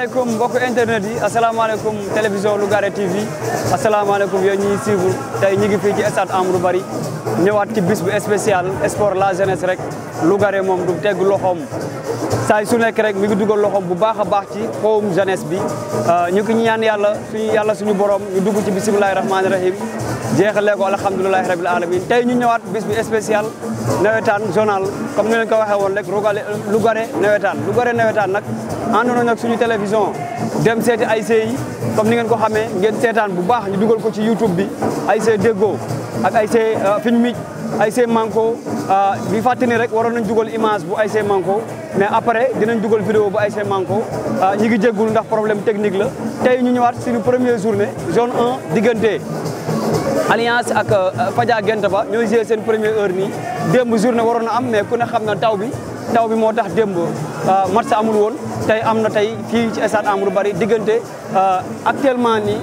asalaamaaleykum mbokk internet yi asalaamaaleykum télévision Lougaré TV asalaamaaleykum yow ñuy suivre tey ñu ngi fii ci stade Amadou Barry ñëwaat ci bis bu spécial sport la jeunesse rek lu Lougaré moom du tegg loxoom saay su nekk rek mi ngi dugal loxoom bu baax a baax ci xowum jeunesse bi euh, ñu ngi ñaan yàlla suñu yàlla suñu borom ñu dugg ci bisimilahi rahmaani rahim jeexalee ko alhamdulilahi rabil alamin tey ñu ñëwaat bis bi spécial nawetaan zonal comme ni leen ko waxee woon rek rugale lugare nawetaan lugare nawetaan nag àndoon nag suñu télévision dem seeti ay yi comme ni ngeen ko xamee ngeen seetaan bu baax ñu dugal ko ci youtube bi ay see déggoo ak ay see euh, fiñ mic ay see manko bi euh, fàttali rek waroon nañ dugal image bu ay see manko mais après dinañ dugal vidéo bu ay see manko euh, ñi ngi jéggul ndax problème technique la tey ñu ñëwaat suñu première zone 1 diggante alliance ak eh, Fadia genta ba ñoy joué sen première heure ni demb jour na warona am mais ku ne xam na taw bi taw bi moo tax démb eh, match amul won tay amna tay fi ci stade amru bari digënté eh, actuellement ni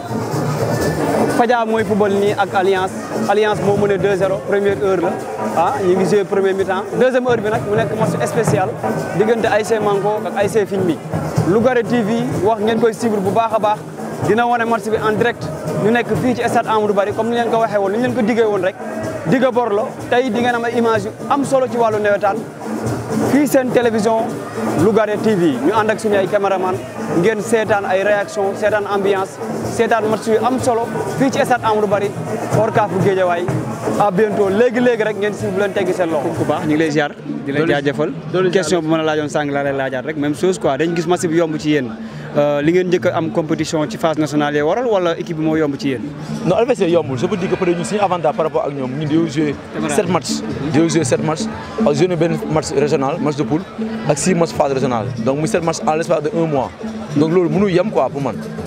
Fadia moy football ni ak alliance alliance mo mëne 2-0 première heure la ah ñi ngi joué premier mi-temps deuxième heure bi nak mu nek match spécial diggante ASC Manko ak fiñ mi lugare TV wax ngeen koy suivre bu baaxa baax. dina wane match bi en direct ñu nekk fii ci stade Amadou Barry comme ni leen ko waxee woon ni leen ko diggee woon rek digga borlo tey di ngeen am ay image am solo ci wàllu nawetaan fii seen télévision Lougaré TV ñu ànd ak suñu ay caméraman ngeen seetaan ay réaction seetaan ambiance seetaan match yu am solo fii ci stade Amadou Barry ORCAV bu Guédiawaye à bientôt léegi léegi rek ngeen suuf leen teggi seen baax ñu ngi lay ziar. di la bu mën a laajoon sàng laa lay laajaat rek même chose quoi dañ gis match yomb ci yéen euh, li ngeen njëkk am compétition ci phase nationale yi waral wala équipe yomb ci yéen. non adversaire yombul je veux dire que peut être ñun suñu avantage par rapport ak ñoom ñun dañoo joué. sept matchs dañoo joué sept matchs ak joué benn match régional match de poule ak six matchs phase régionale donc l' espace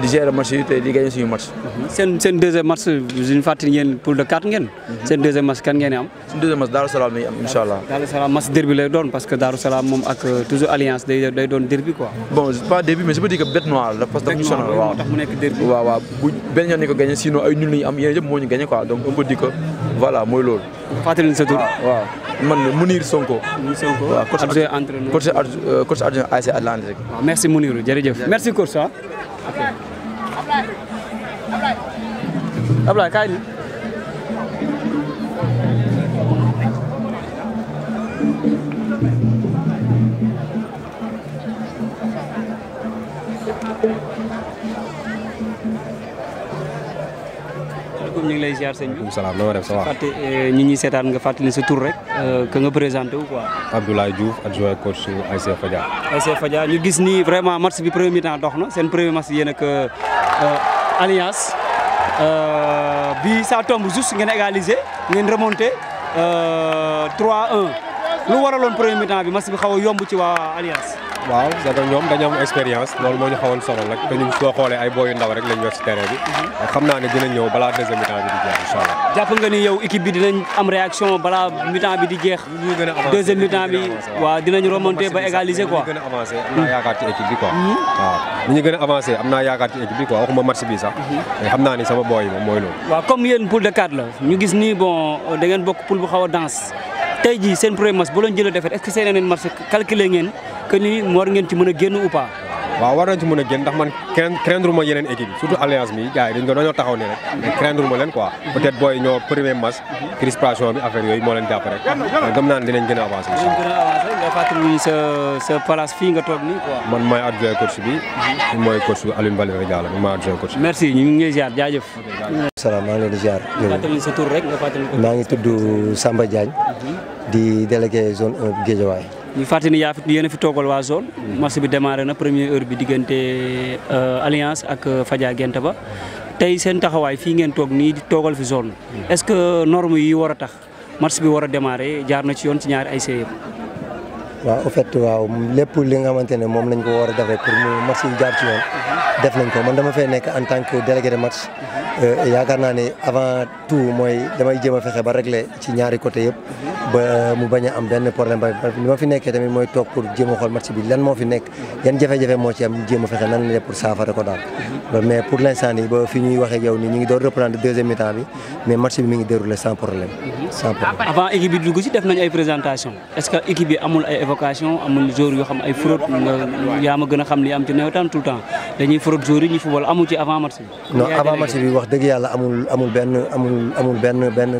di gérer match te di gagné suñu match. Mhm. seen seen deuxième match suñu fàttali ngeen pour le quatre ngeen. Mhm. seen deuxième match kan ngeen am. suñu derby lay doon parce que Daaru moom ak euh, toujours alliance day doon derby quoi. bon pas derby mais je peux dire que bête noire la parce waaw mu nekk derby. waaw waaw bu ko gagné sinon ay nul ñu ñu gagné quoi donc on peut dire que voilà mooy loolu. fàttali leen sa tur ah, waaw. man la Mounir Sonko. Mounir Sonko waaw coach adjoint Ablaye Ablaye Ablaye kaay ñu ngi lay ziar sëñ bi. waaleykum salaam loo def ça va. fàtte euh, ñi seetaan nga fàttali sa tur rek. Euh, que nga présenté wu quoi. Abdoulaye Diouf adjoint coach ASC Fadia. ASC Fadia ñu gis ni vraiment match bi premier mi-temps dox na seen premier match yéen ak euh, Alliance bi ça tombe juste ngeen égaliser ngeen remonté 3-1 lu waraloon premier mi bi match bi xaw a yomb ci waa Alliance. waaw parce que ñoom dañoo am expérience loolu moo ñu xawoon solo nag te ñun ñëw si terrain bi mhm. bi di jeex incha allah jàpp nga ni yow équipe bi dinañ am réaction balaa mi-temps bi di waaw dinañ remonter gën a avancé am mhm. naa yaakaar ci équipe bi quoi mhm. waaw ni ñu gën a am naa yaakaar ci équipe bi quoi waxuma match bi sax mais xam naa ni sama booy moom mooy waaw ñu gis nii bon da bokk poule bu xaw a danse tey jii seen premier match bu leen defet est seen yeneen que ni war ngeen ci meuna a génn ou pas wa war nañ ci meuna a génn ndax man craindre yenen équipe surtout alliance mi gaay dañ ko daño taxaw ni rek mais craindre len quoi peut être boy ño premier match crispation bi affaire yoy mo len japp rek gëm naa dinañ gëna avancer avancé dinañ gën a nga fàttali ni ce ce place fi nga tok ni quoi man mooy adjoint coach bi mooy coach Alioune Balé Diallo mooy adjoint coach merci ñu ngi ziar jaajëf salam ma ngi leen di ziar ni ce tour rek nga fàttali ko maa ngi tuddu Samba Diagne di délégué zone 1 Guédiawaye ñu fàttali fi yéen a fi toogal waa zone. marché bi démarré na première heure bi diggante euh, alliance ak euh, Fadia gente ba tey seen taxawaay fii ngeen toog nii di toogal fi zone est-ce que norme yi war a tax marché bi war a démarré jaar na ci yoon ci ñaari ay yëpp. waaw en fait waaw lépp li nga xamante moom lañ ko war a defee pour mu match yi jaar ci yoon def nañ ko man dama fee nekk en tant que délégué de match euh, yaakaar naa ne avant tout mooy damay jéem a fexe ñaari côté yëpp ba mu bañ a am benn problème ba li ma fi nekkee bi lan moo fi nekk yan jafe a fexe nan la ko daal mais pour l'instant nii ba fi ñuy waxee yow nii ñu ngi doon reprendre deuxième mi-temps bi bi mi ngi déroulé sans problème avant équipe bi dugg ci def nañ ay présentation est convocation amul joueur yoo xam ay a xam amul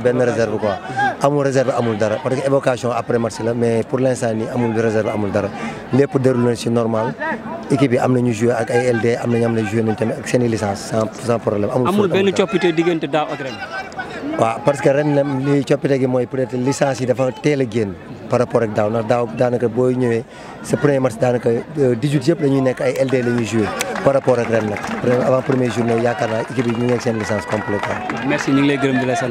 benn réserve quoi. amul dara parce que évocation après match mais pour l' instant amul réserve amul dara lépp déroulé na ci normal équipe i amul benn coppite diggante daaw ak ren. waaw gi mooy peut-être dafa teel génn. par rapport ak daaw ndax daaw daanaka booy ñëwee sa premier match daanaka 18 euh, yëpp la nekk ay LD la ñuy joué par rapport ak ren nag avant premier journée yaakaar naa équipe ñu ngi seen licence complète merci ñu ngi gërëm di la sant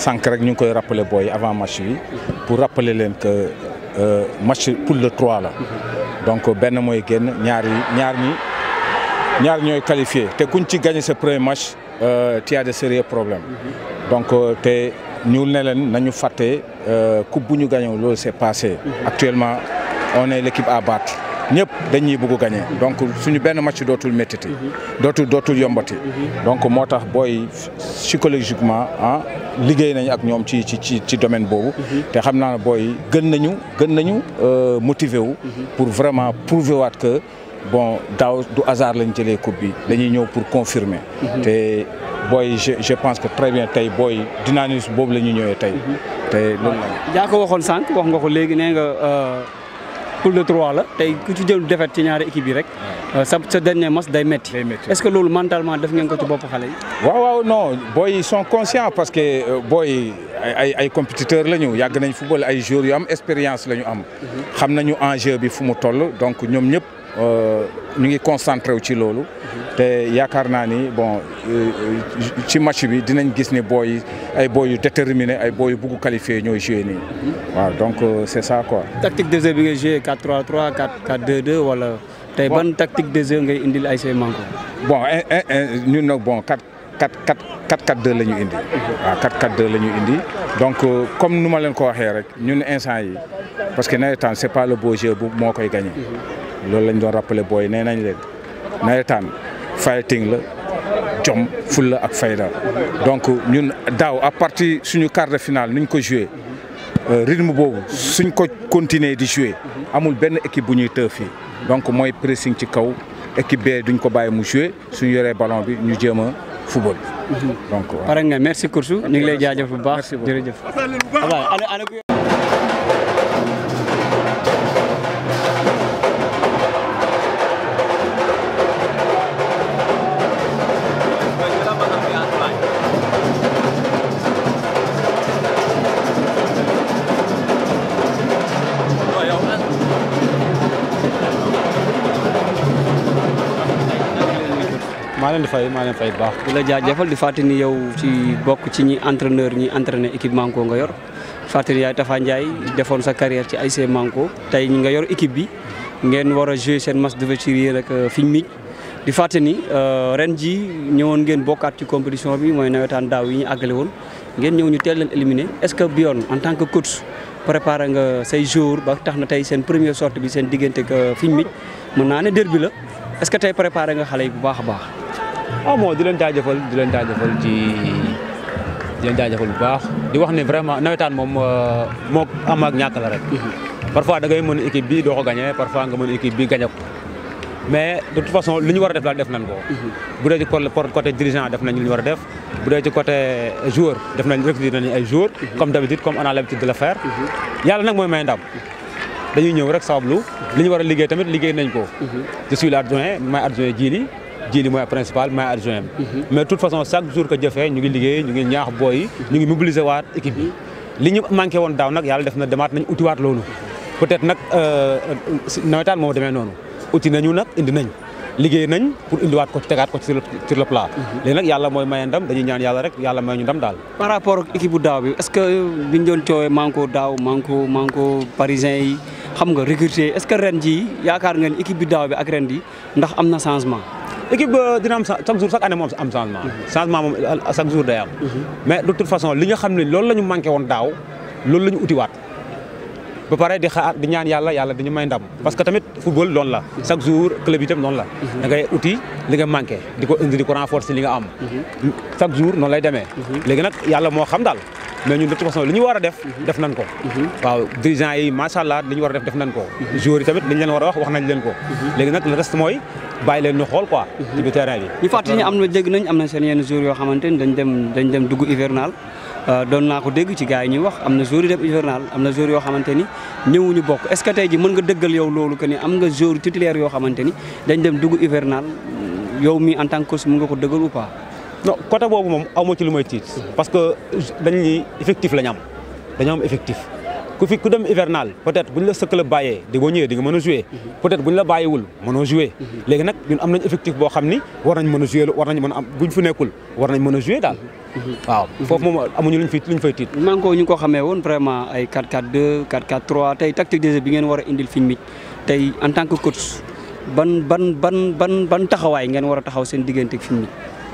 Sans rek ñu koy rappeler boy avant match pour rappeler leen que euh, match poule de 3. la donc ben moi gagné. ñaar ñaar ñi ñaar ñoy qualifié te kuñ ci gagner ce premier match euh, tu a de sérieux problèmes donc euh, té ñu ne nañu faté euh coupe buñu gagné c'est passé actuellement on est l'équipe à battre ñëpp dañuy bëgg gagné donc suñu benn match dootul méttiti mhm. dootul dootul yombati mhm. donc moo tax booy psychologiquement ah liggéey nañ ak ñoom ci ci ci ci domaine boobu mhm. te xam naa ne booy gën nañu gën nañu euh, motivé wu pour vraiment prouver waat que bon daaw du hasard lañ jëlee coupe bi dañuy ñëw pour confirmer te booy je je pense que très bien tey booy dynamisme boobu la ñu ñëwee tey te loolu la yaa ko waxoon sànq wax nga ko léegi nee nga euh, pour le trois là tay ku ci jël défaite ci ñaari équipe bi rek. Euh, sa sa dernier match day metti est-ce que lolu mentalement def ngeen ko ci bop xalé yi. waaw waaw non boy ils sont conscients parce que euh, boy ay ay compétiteurs lañu yag nañ football ay joueurs yu am expérience lañu am. Mhm. xam nañu enjeu bi fu mu toll donc ñom ñep euh, ñu ngi concentré wu ci loolu. te ni bon euh, ci match bi dinañ gis ne boy ay boy yu déterminé ay boy yu qualifié ñoy jouer ni waaw donc euh, c'est ça quoi. tactique de bi ngay 4-3-3 4-4-2-2 wala. tey ban tactique de jeu ngay indil ay say manko. bon ñun nak bon 4 4 4 4 2 lañu indi. waaw 4 4 2 lañu indi donc comme nous ma len ko waxé rek ñun instant yi parce que nawetaan temps c'est pas le beau jeu bu mo koy gagner loolu lañ doon rappelé booy nee nañ fighting la jom fulla ak fayda donc ñun daaw à partir suñu quart de finale nuñ ko joué euh, rythme boobu suñ ko continuer di joué amul benn équipe bu ñuy tëë fii donc mooy pressing ci kaw équipe bee duñ ko bàyyi mu joué suñu ballon bi ñu jéem football. Mhm. donc merci Koursou ñu ngi lay jaajëf maa leen di fay maa leen fay bu baax. di la jaajëfal di fàttali ni yow ci bokk ci ñi entraîneur ñi entraîné équipe Manko nga yor fàttali yaay Tafa Ndiaye defoon sa carrière ci ASC Manko tey ñi nga yor équipe bi ngeen war a joué seen match de vétérie rek fiñ mi di fàttali ni euh, ren ji ñëwoon ngeen bokkaat ci compétition bi mooy nawetaan daaw yi ñu àggale woon ngeen ñëw ñu teel leen éliminé est-ce que Bion en tant que coach préparé nga say jour ba tax na tey seen première sortie bi seen diggante ak euh, fiñ mi mën naa ne derby la est-ce que tey préparé nga xale yi bu baax a baax. ah bon di leen jaajëfal di leen jaajëfal ci di leen jaajëfal bu baax di wax ne vraiment nawetaan moom euh, moo am ak ñàkk la rek. Mhm. parfois da ngay mën équipe bi doo ko gagné parfois nga mën équipe bi gagné ko mais de toute façon li ñu war a def daal def nañ ko. Mhm. bu dee ci côté dirigeant def nañ li ñu war a def bu dee nañ recruter nañ ay joueurs. Mhm. comme d'habitude comme on a l'habitude de le faire. yàlla nag mooy may ndam. dañuy ñëw rek sabablu li ñu war a liggéey tamit liggéey nañ ko. je suis l'adjoint may adjoint jii jii di mooy principal maay adjoint mhm. mais de toute façon chaque jour que jëfee ñu ngi liggéey ñu ngi ñaax booy yi ñu ngi mobiliser waat équipe bi mhm. li ñu manqué woon daaw nag yàlla def na demaat nañ utiwaat loolu peut-être nag euh, euh, nawetaan moo demee noonu uti nañu nag indi nañ liggéey nañ pour indiwaat ko tégaat ko ci sur le plat. Mhm. léegi nak yalla moy maye ndam dañuy ñaan yalla rek yalla may ñu ndam dal par rapport ak équipe bu daaw bi est-ce que biñ doon coowee manko daaw manko manko parisien yi xam nga recruter est-ce que ren jii yaakaar ngeen équipe bi daaw bi ak ren ji ndax amna changement. équipe euh, dina am chaque jour chaque année moom am changement. changement moom euh, chaque jour day am. mais de toute façon li nga xam ne lool la ñu manqué woon daaw loolu la ñu utiwaat. ba pare di xaar di ñaan yàlla yàlla dañu may ndam parce que tamit football loonu la chaque jour club yi tam noonu la da ngay uti li nga manqué di ko indi di ko renforcer li nga am mhm. chaque jour noon lay demee mhm. léegi nag yàlla moo xam daal mais ñun li ñu war def mhm. def nañ ko mhm. waaw dirigeants yi macha allah li war a def def nañ ko mhm. joueurs yi tamit li leen war a wax wax nañ leen ko léegi nag le reste mooy bàyyi leen ñu xool quoi ci bi terrain bi na dégg na seen yenn joueurs yoo xamante ni dañ dem dañ dem dugg hivernal euh, doon naa ko dégg ci gars yi ñuy wax am na joueurs yi dem hivernal am na joueurs yoo xamante ni ñëwuñu bokk est ce que tey ji nga dëggal yow loolu que ni am nga joueurs titulaires yoo xamante ni dañ dem dugg hivernal yow mi en tant que coach nga ko dëggal ou pas non côté bobu mom amo ci limay may parce que dañ ni effectif lañ am dañ am effectif ku fi ku dem hivernal peut être buñ la sëkk la bayé di bo ñëw di nga mëna jouer peut être buñ la bàyyiwul mëno jouer légui nak ñun am nañ effectif bo xamni war nañ mëna jouer war nañ mëna am buñ fu nekkul war nañ mëna jouer dal waaw foofu moom amuñu luñ fi luñ fay tiit man ko ñu ko xamé won vraiment ay 4 4 2 4 4 3 tay tactique des jeu bi ngeen wara indil fiñ mi tay en tant que coach ban ban ban ban ban taxaway ngeen wara taxaw seen digënté fiñ mi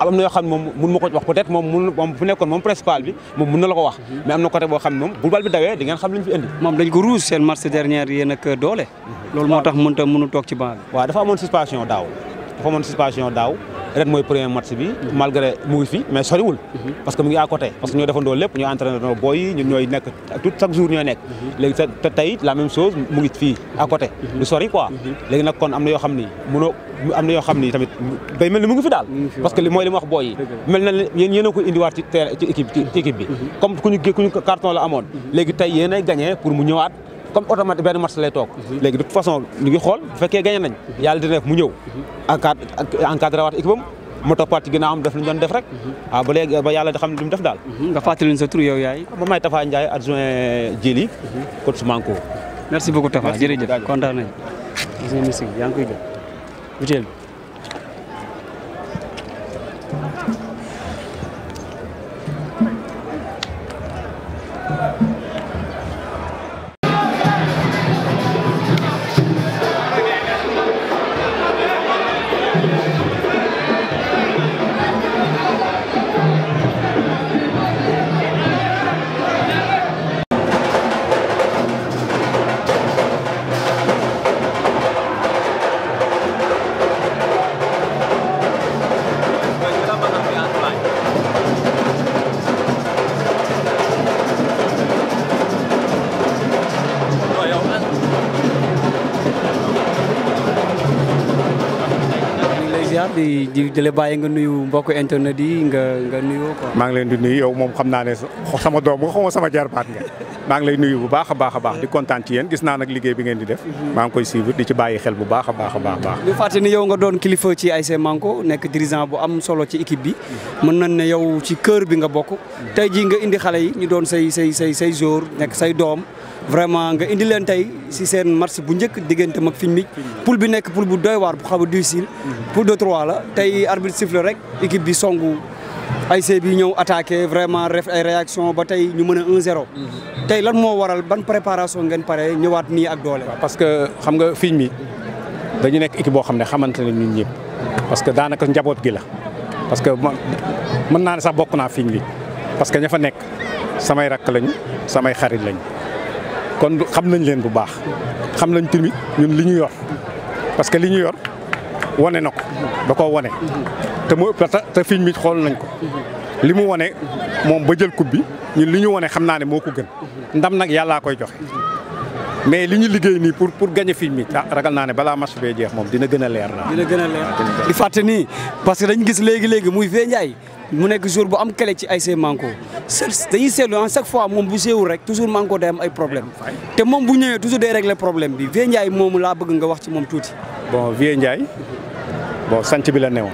amna yo yoo xam ne moom mun wax peut être mom mën mom fu nekkon mom principal bi mom mën na la ko wax mhm. mais amna côté bo xam mom bu bal bi dawe di ngeen xam liñ fi indi mom dañ ko ruus sen match dernière yéen ak doole mhm. lolou motax mën ta mënu tok ci ban wa dafa amone suspension daw dafa amone suspension daw ren moy premier match bi malgré mu ngi fi mais sori wul parce que mu ngi à côté parce que ñoo defandoo lepp ñoo entraîné no boy ñun ñoy nek tout chaque jour ñoy nek légui te tay la même chose mu ngi fii à côté du sori quoi légui nak kon amna yo xamni xam ni mënoo am na tamit day melni ni mu ngi fi dal parce que li moy li wax boy yi mel na yéen yéen a ko indiwaat ci ci équipe ci équipe bi mhm. comme kuñu kuñu carton la amone mhm. légui tay yéen ay gagné pour mu ñëwaat comme automatique mat match lay toog mhm. léegi de toute façon ñu ngi xool bu fekkee gagné nañ yàlla dina def mu ñëw mhm. encadré waat équipe am mu def lu ñu doon def rek waaw mhm. ah, ba léegi ba yàlla xam ne li mu def daal nga fàttali ñu sa tur yow yaay ba ah, may Tafa Ndiaye adjoint Djili coach Manko merci beaucoup Tafa jërëjëf kontaan nañ gis nga musique yaa ngi ziar di di la bàyyi nga nuyu mbokk internet yi nga nga nuyoo quoi. maa ngi leen di nuyu yow moom xam naa ne sama doom nga xamoo sama jarbaat nga maa ngi lay nuyu bu baax a baax a baax di kontaan ci yéen gis naa nag liggéey bi ngeen di def. Mhm. maa ngi koy suivre di ci bàyyi xel bu baax a baax a baax. ñu fàtte ni yow nga doon kilifa ci ay ASC Manko nekk dirigeant bu am solo ci équipe bi mhm. mën nañ ne yow ci kër bi nga bokk. Mhm. tey jii nga indi xale yi ñu doon say say say say jour nekk say doom. vraiment nga indi len tay ci sen marché bu ñëk digënté mak fiñ mi poule bi nek poule bu doy war bu xaw a difficile poule de trois la tay arbitre siffle rek équipe bi songu ASC bi ñëw attaquer vraiment ref ay réaction ba tay ñu mëna 1-0 tay lan mo waral ban préparation ngeen paré ñëwaat ni ak doole parce que xam nga fiñ mi dañu nek équipe bo xamné ne xamante ñun ñëpp parce que daanaka njabot gi la parce que mën na sax bokku na fiñ mi parce que ñafa nek samay rak lañu samay xarit lañu kon xam nañ leen bu baax xam nañ tamit ñun li ñu yor parce que li ñu yor wane na ko da koo wane te mu te fiñ mi xool nañ ko li mu wane moom ba jël coupe bi ñun li ñu wane xam naa ne moo ko gën ndam nag yàllaa koy joxe mais li ñu liggéey nii pour pour gagner film bi ah, ragal naa ne balaa match bee jeex moom dina gën a leer naa. dina gën a leer di fàtte nii parce que dañu gis léegi léegi muy feeñaay mu nekk jour bu am ci Manko en chaque fois moom bu suis rek toujours Manko day ay problème te moom bu toujours day régler problème bi vie Ndiaye moomu laa bëgg nga wax ci moom tuuti. bon vie Ndiaye bon sant bi la newoon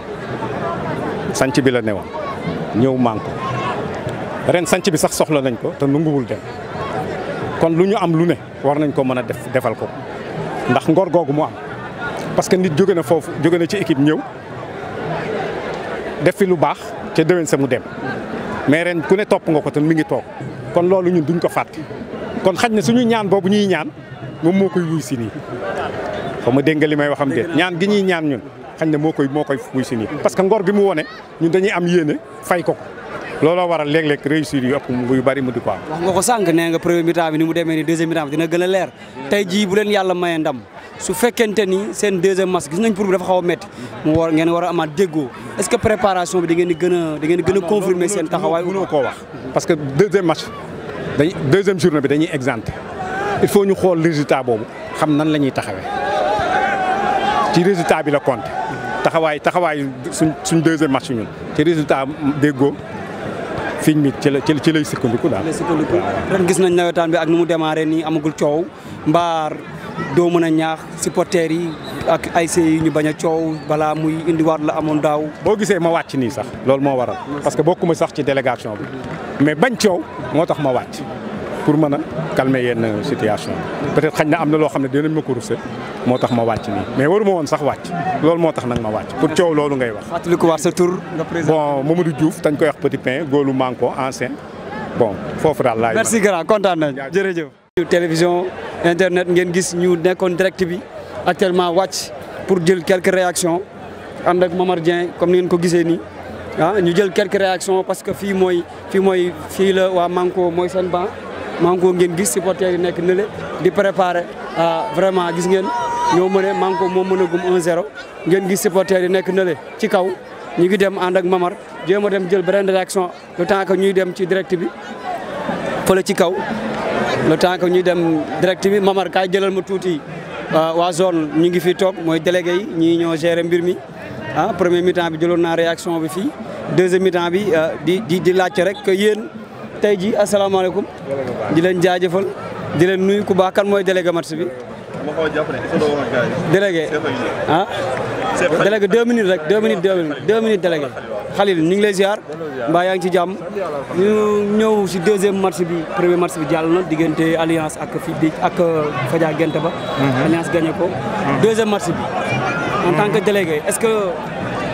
sant bi la newoon ñëw Manko ren sant bi sax soxla nañ ko te dem kon lu ñu am lu ne war nañ ko mën def ko ndax ngor mu am parce que nit jóge na foofu jóge na ci équipe def fi lu baax ca déwén sa mu dem mais ren ku ne topp nga ko te mi ngi toog kon loolu ñun duñ ko fàtte kon xaj na suñu ñaan boobu ñuy ñaan moom moo koy wuy si nii xaw ma dégg nga li may waxam déet ñaan gi ñuy ñaan ñun xañ na moo koy moo koy wuy si nii parce que ngor gi mu wone ñun dañuy am yéene fay ko ko looloo waral leg leg réussir yu ëpp yu bari mu di ko am. wax nga ko sànq nee nga premier mi-temps bi ni mu demee ni deuxième mi-temps dina gën a leer tey jii bu leen yàlla maye ndam su fekkente ni seen deuxième match gis nañ pour bi dafa xaw a métti mu war ngeen war a amaat déggoo est-ce que préparation bi da ngeen di gën a da ngeen di gën a ah confirmer seen taxawaay. mënoo koo wax parce que deuxième match dañ deuxième journée bi dañuy exempté il faut ñu xool résultat boobu xam nan la ñuy taxawee ci résultat bi la compte taxawaay taxawaay suñ suñ deuxième match ñun ci résultat déggoo. fiñ mi ci la ci lay sukkandiku daal. ren gis nañ nawetaan bi ak nu mu démarré nii amagul coow mbaar doo mën a ñaax supporters yi ak ay yi ñu bañ a coow balaa muy indiwaat la amoon daaw. boo gisee ma wàcc nii sax loolu moo waral parce que bokkuma sax ci délégation bi mais bañ coow moo tax ma wàcc. pour mën calmer yenn situation peut-être xagn na amna lo xamné dinañ ma ko rusé moo tax ma wàcc nii mais waruma won sax wacc loolu motax nak ma wacc pour coow lolou ngay wax. fàttali ko waat sa tur nga président bon Mamadou Diouf dañ koy wax Petit Pain golou manko ancien bon foofu daal laay. merci grand kontaan jere jërëjëf. télévision internet ngeen gis ñu nekkoon direct bi actuellement wacc pour jël quelques réactions ànd ak Mamar dien comme ni ngeen ko gisee ni ah ñu jël quelques réactions parce que fii mooy fii mooy fii la waa Manko mooy seen banc manko ngeen gis supporters yi nekk nële di préparer ah, vraiment gis ngeen ñoo mëne manko moo mën a gum 1-0 ngeen gis supporters yi nekk nële ci kaw ñu ngi dem ànd ak Mamar jéem a dem jël beneen réaction le temps que ñuy dem ci direct bi fële ci kaw le temps que ñuy dem direct bi Mamar kaay jëlal ma tuuti ah, waa zone ñu ngi fi toog mooy délégué yi ñii ñoo gérer mbir mi ah premier mi-temps bi jëloon naa réaction bi fii deuxième mi-temps bi ah, di di di laajte rek que yéen. tey jii asalaamaaleykum. di leen jaajëfal di leen nuyu ku baax kan mooy délégué match bi. délégué ah. délégué deux minutes rek deux minutes deux minutes deux minutes délégué. Khalil ñu ngi lay ziar mbaa yaa ngi ci jàmm ñu ñëw si deuxième match bi premier match bi jàll na diggante alliance ak fii bi ak euh, Fadia Gente ba. Mhm. alliance gagné ko. Mhm. deuxième match bi en tant que délégué est-ce que.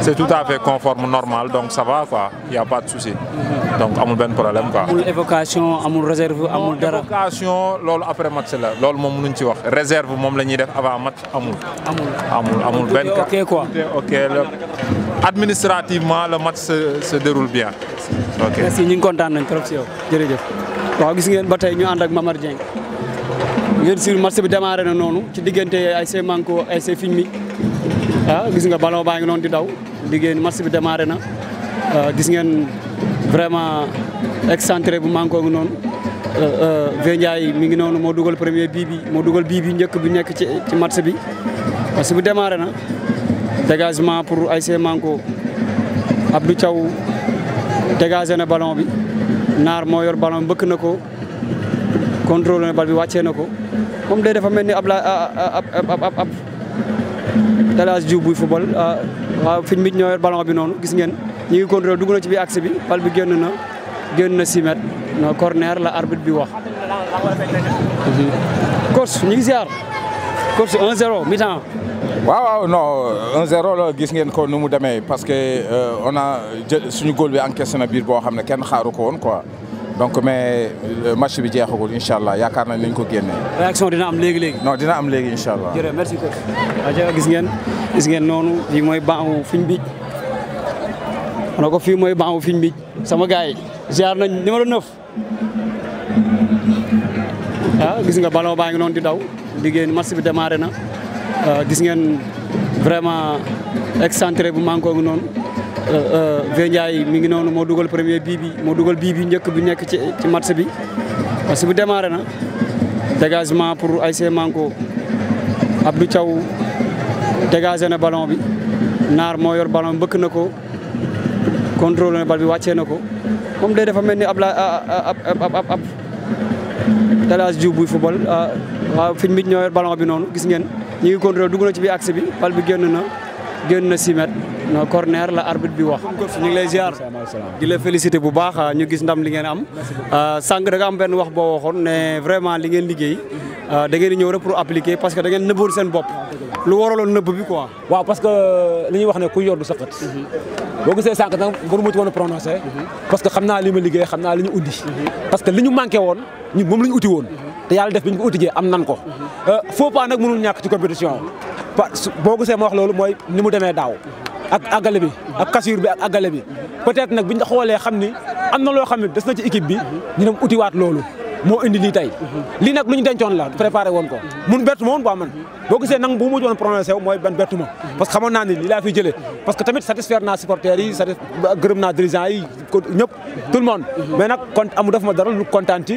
c'est tout à fait conforme normal donc ça va quoi il y a pas de souci. donc amul benn problème quoi. amul évocation amul réserve amul dara. évocation loolu après match là, loolu moom mënuñ ci wax réserve moom la ñuy def avant match amul. amul amul benn cas ok quoi ok administrativement le match se se déroule bien. ok merci ñu ngi kontaan nañ trop si yow jërëjëf. waaw gis ngeen ba tey ñu ànd ak Mamar Dieng. ngeen sur match bi démarré na noonu ci diggante ay say manko ay say fiñ ah gis nga balon baa ngi noonu di daw liggéey match bi démarré na ah, gis ngeen vraiment excentré bu manko ngi noonu ah, ah, Vieux Ndiaye mi ngi noonu moo dugal premier bii bi moo dugal bii bi njëkk bi nekk ci ci match bi parce que bu démarré na dégagement pour ASC Manko Abdou caw dégagé na ballon bi naar moo yor bëkk na ko contrôlé na bal bi wàccee na ko comme day dafa mel ni ab ab ab Dalaas Diouf buy football ah, waaw fiñ mi ñoo yor ballon bi noonu gis ngeen ñu ngi contrôlé dugg na ci biir axe bi bal bi génn na génn na 6 mètres non la arbitre bi wax. Mhm. course ñu ngi ziar course 1-0 mi waaw waaw non 1-0 la gis ngeen ko nu mu demee parce que euh, on a suñu góol bi encaissé na biir boo xam ne kenn xaaru ko woon quoi. donc mais euh, match bi jeexagul incha allah yaakaar nañ ni ñu ko génnee. réaction dina am léegi léegi. non dina am léegi incha allah. jërëjëf merci beaucoup. Ah, gis ngeen gis ngeen noonu fii mooy banwu fiñ bi xanaa ko fii mooy banwu fiñ bi sama gars yi ziar nañ numéro 9. ah gis nga ballon baa ngi noonu di daw liggéey match bi démarré na ah, gis ngeen. vraiment excentré bu manko ngi noonu euh, euh, Vieux Ndiaye mi ngi noonu moo dugal premier bii bi moo dugal bii bi njëkk bi nekk ci ci match bi parce que bu démarré na dégagement pour ASC Manko Abdou Thiaw dégagé na ballon bi naar moo yor ballon bëkk na ko contrôlé na bal bi wàccee na ko moom day dafa mel ni ab la ab ab Dalaas Diouf buy football waaw fi mu ñoo yor bi noonu gis ngeen ñu ngi contrôlé dugg na ci biir axe bi bal bi génn na génn na 6 mètres non corner la arbitre bi wax. ñu ngi lay di la félicité bu baax ñu gis ndam li ngeen am. Ah, sang da nga am benn wax boo waxoon ne vraiment li ngeen liggéey ah, da ngeen ñëw rek pour appliquer parce que da ngeen nëbboon seen bopp. lu waraloon nëbb bi quoi. waaw parce que euh, li ñuy wax ne ku yor du saqat. Mhm. boo gisee sànq nag waru ma ci woon a mhm. parce que xam naa li ma liggéey xam naa li ñu uddi. Mhm. parce que li manqué woon ñun uti woon. te yàlla def bi ñu ko utijee am nan ko mhm. euh, faux pas nag mënul ñàkk ci compétition boo gisee wax loolu mooy ni mu demee daaw ak àggale bi mhm. ak cassure bi ak àggale bi peut-être nag biñ xoolee xam ni am na loo xam ne des na ci équipe bi mhm. ñu dem utiwaat loolu moo indi lii tey lii nag lu ñu dencoon la préparé woon ko mun bett ma woon quoi man boo gisee nang bu mu mujjoon prononcé wu mooy ban bettu ma parce que xamoon naa ni lii laa fiy jëlee parce que tamit satisfaire naa supporters yi gërëm naa dirigeants yi ñëpp tout le monde mais kontaan ci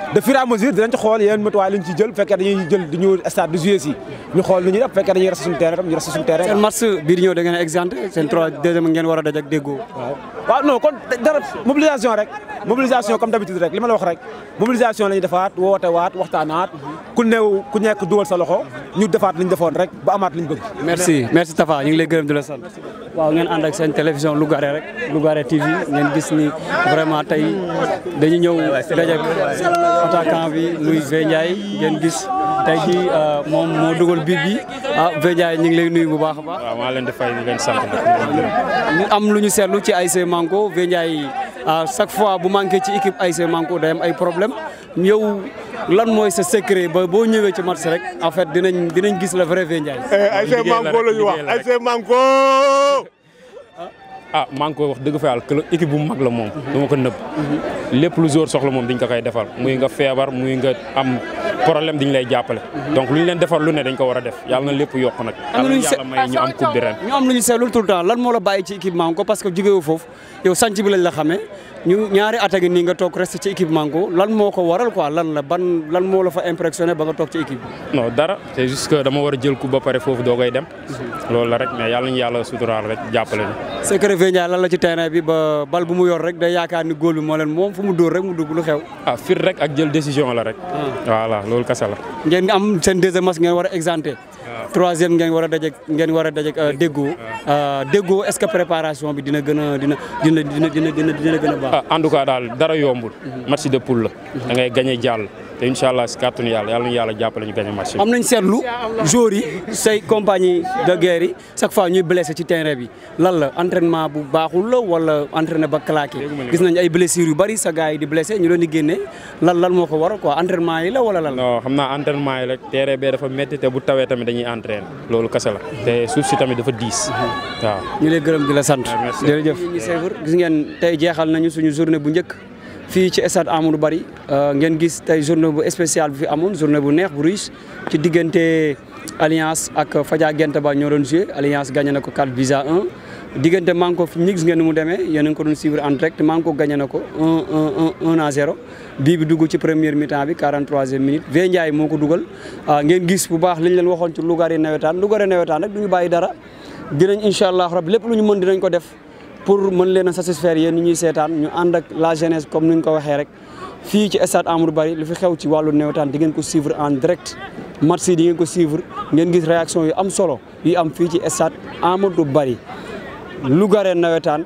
de fur et à mesure dinañ ci xool yeneen matuwaay ci jël bu fekkee dañuy jël du joué ñu xool lu ñuy def bu fekkee dañuy resté suñu terrain tam ñu resté suñu terrain seen match bii di ñëw da a daj ak déggoo waaw waaw kon dara mobilisation rek mobilisation comme d'habitude rek li ma la wax rek mobilisation la defaat woote waat waxtaanaat ku néew ku nekk dugal sa loxo ñu defaat liñ defoon rek ba amaat liñ bëgg merci merci Tafa ñu ngi lay gërëm di la sant waaw ngeen ànd ak seen télévision Lougaré rek Lougaré attaquant bi muy Vieux Ndiaye ngeen gis tey jii euh, moom moo dugal biir bi ah Vieux ñu ngi lay nuyu bu baax a baax. waaw maa leen di fay di leen sant ñu am lu ñu seetlu ci ASC Manko Vieux Ndiaye chaque fois bu manqué ci équipe ASC Manko day am ay problème yow lan mooy sa secret ba boo ñëwee ci match rek en fait dinañ dinañ gis la vrai Vieux Ndiaye. Eh, Manko la ñu Manko. ah maa ngi koy wax dëgg fa yàlla que équipe bu mag la moom. dama ko nëbb. lépp lu jour soxla moom dañ ko koy defal muy nga feebar muy nga am problème dañ lay jàppale. donc lu ñu leen defal lu ne dañ ko war a def yàlla na lépp yokk nag. am na yàlla may ñu am coupe bi lu ñu seetlu tout le temps moo la bàyyi ci équipement ko parce que jógewu foofu yow sànc bi lañ la xamee. ñu ñaari at a ngi nga toog reste ci équipe Manko lan moo ko waral quoi lan la ban lan moo la fa impressionné ba nga toog ci équipe bi. dara c'est juste dama war a jël coupe ba pare foofu doo koy dem. loolu la rek mais yàlla ñu yàlla suturaal rek jàppale ñu. Secret Vignal lan la ci terrain bi ba bal bu mu yor rek day yaakaar ni góol bi moo leen moom fu mu dóor rek mu dugg lu xew. ah fit rek ak jël décision la rek. Ah. voilà loolu kasa la. ngeen am seen deuxième exempté. troisième ngeen wara a ngeen wara a dégo euh dégo euh, est-ce que préparation bi dina gëna dina dina dina dina dina gëna a baax. Ah, en tout cas dal dara yombul. match de poule da ngay gagner dial te incha allah si yalla yàlla yàlla na yàlla jàppale ñu gagné match am nañ setlu jour yi say compagnie de guerre yi chaque fois ñuy blessé ci terrain bi lan la entraînement bu baxul la wala entraîner ba claquer gis nañ ay blessures yu bari sa gaay di blessé ñu leen di génne lan lan moko war quoi entraînement yi la wala lan non xamna entraînement yi rek terrain bi dafa metti te bu tawé tamit dañuy entraîner lolu kassa la te souf ci tamit dafa 10 mhm. waaw ñu lay gërëm di la sante jërëjëf gis ngeen tay jéxal nañu suñu journée bu ñëk fii ci stade Amadou Barry euh, ngeen gis tey journée bu spéciale bu fi amoon journée bu neex bu riche ci diggante Alliance ak Fadia Guentaba ñoo doon joué Alliance gagné na ko 4 buts à 1 diggante Manko Knicks ngeen mu demee yéen a ko doon suivre en direct Manko gagné na ko 1 1 1 à 0 bii bi ci première mi bi 43e minute Ve Ndiaye moo ko dugal euh, ngeen gis bu baax liñ leen waxoon ci Lougaré nawetaan Lougaré nawetaan rek du ñu bàyyi dara dinañ incha allah rabi lépp lu ñu mën dinañ ko def. pour mën leen a satisfaire yéen ñi ñuy seetaan ñu ànd ak la jeunesse comme ni ñu ko waxee rek fii ci stade Amadou Barry lu fi xew ci wàllu nawetaan di ngeen ko suivre en direct match yi ko suivre ngeen gis réaction yu am solo yu am fii ci stade Amadou Barry Lougaré nawetaan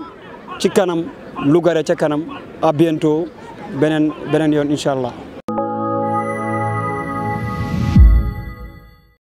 ci kanam Lougaré ca kanam à beneen beneen yoon incha allah.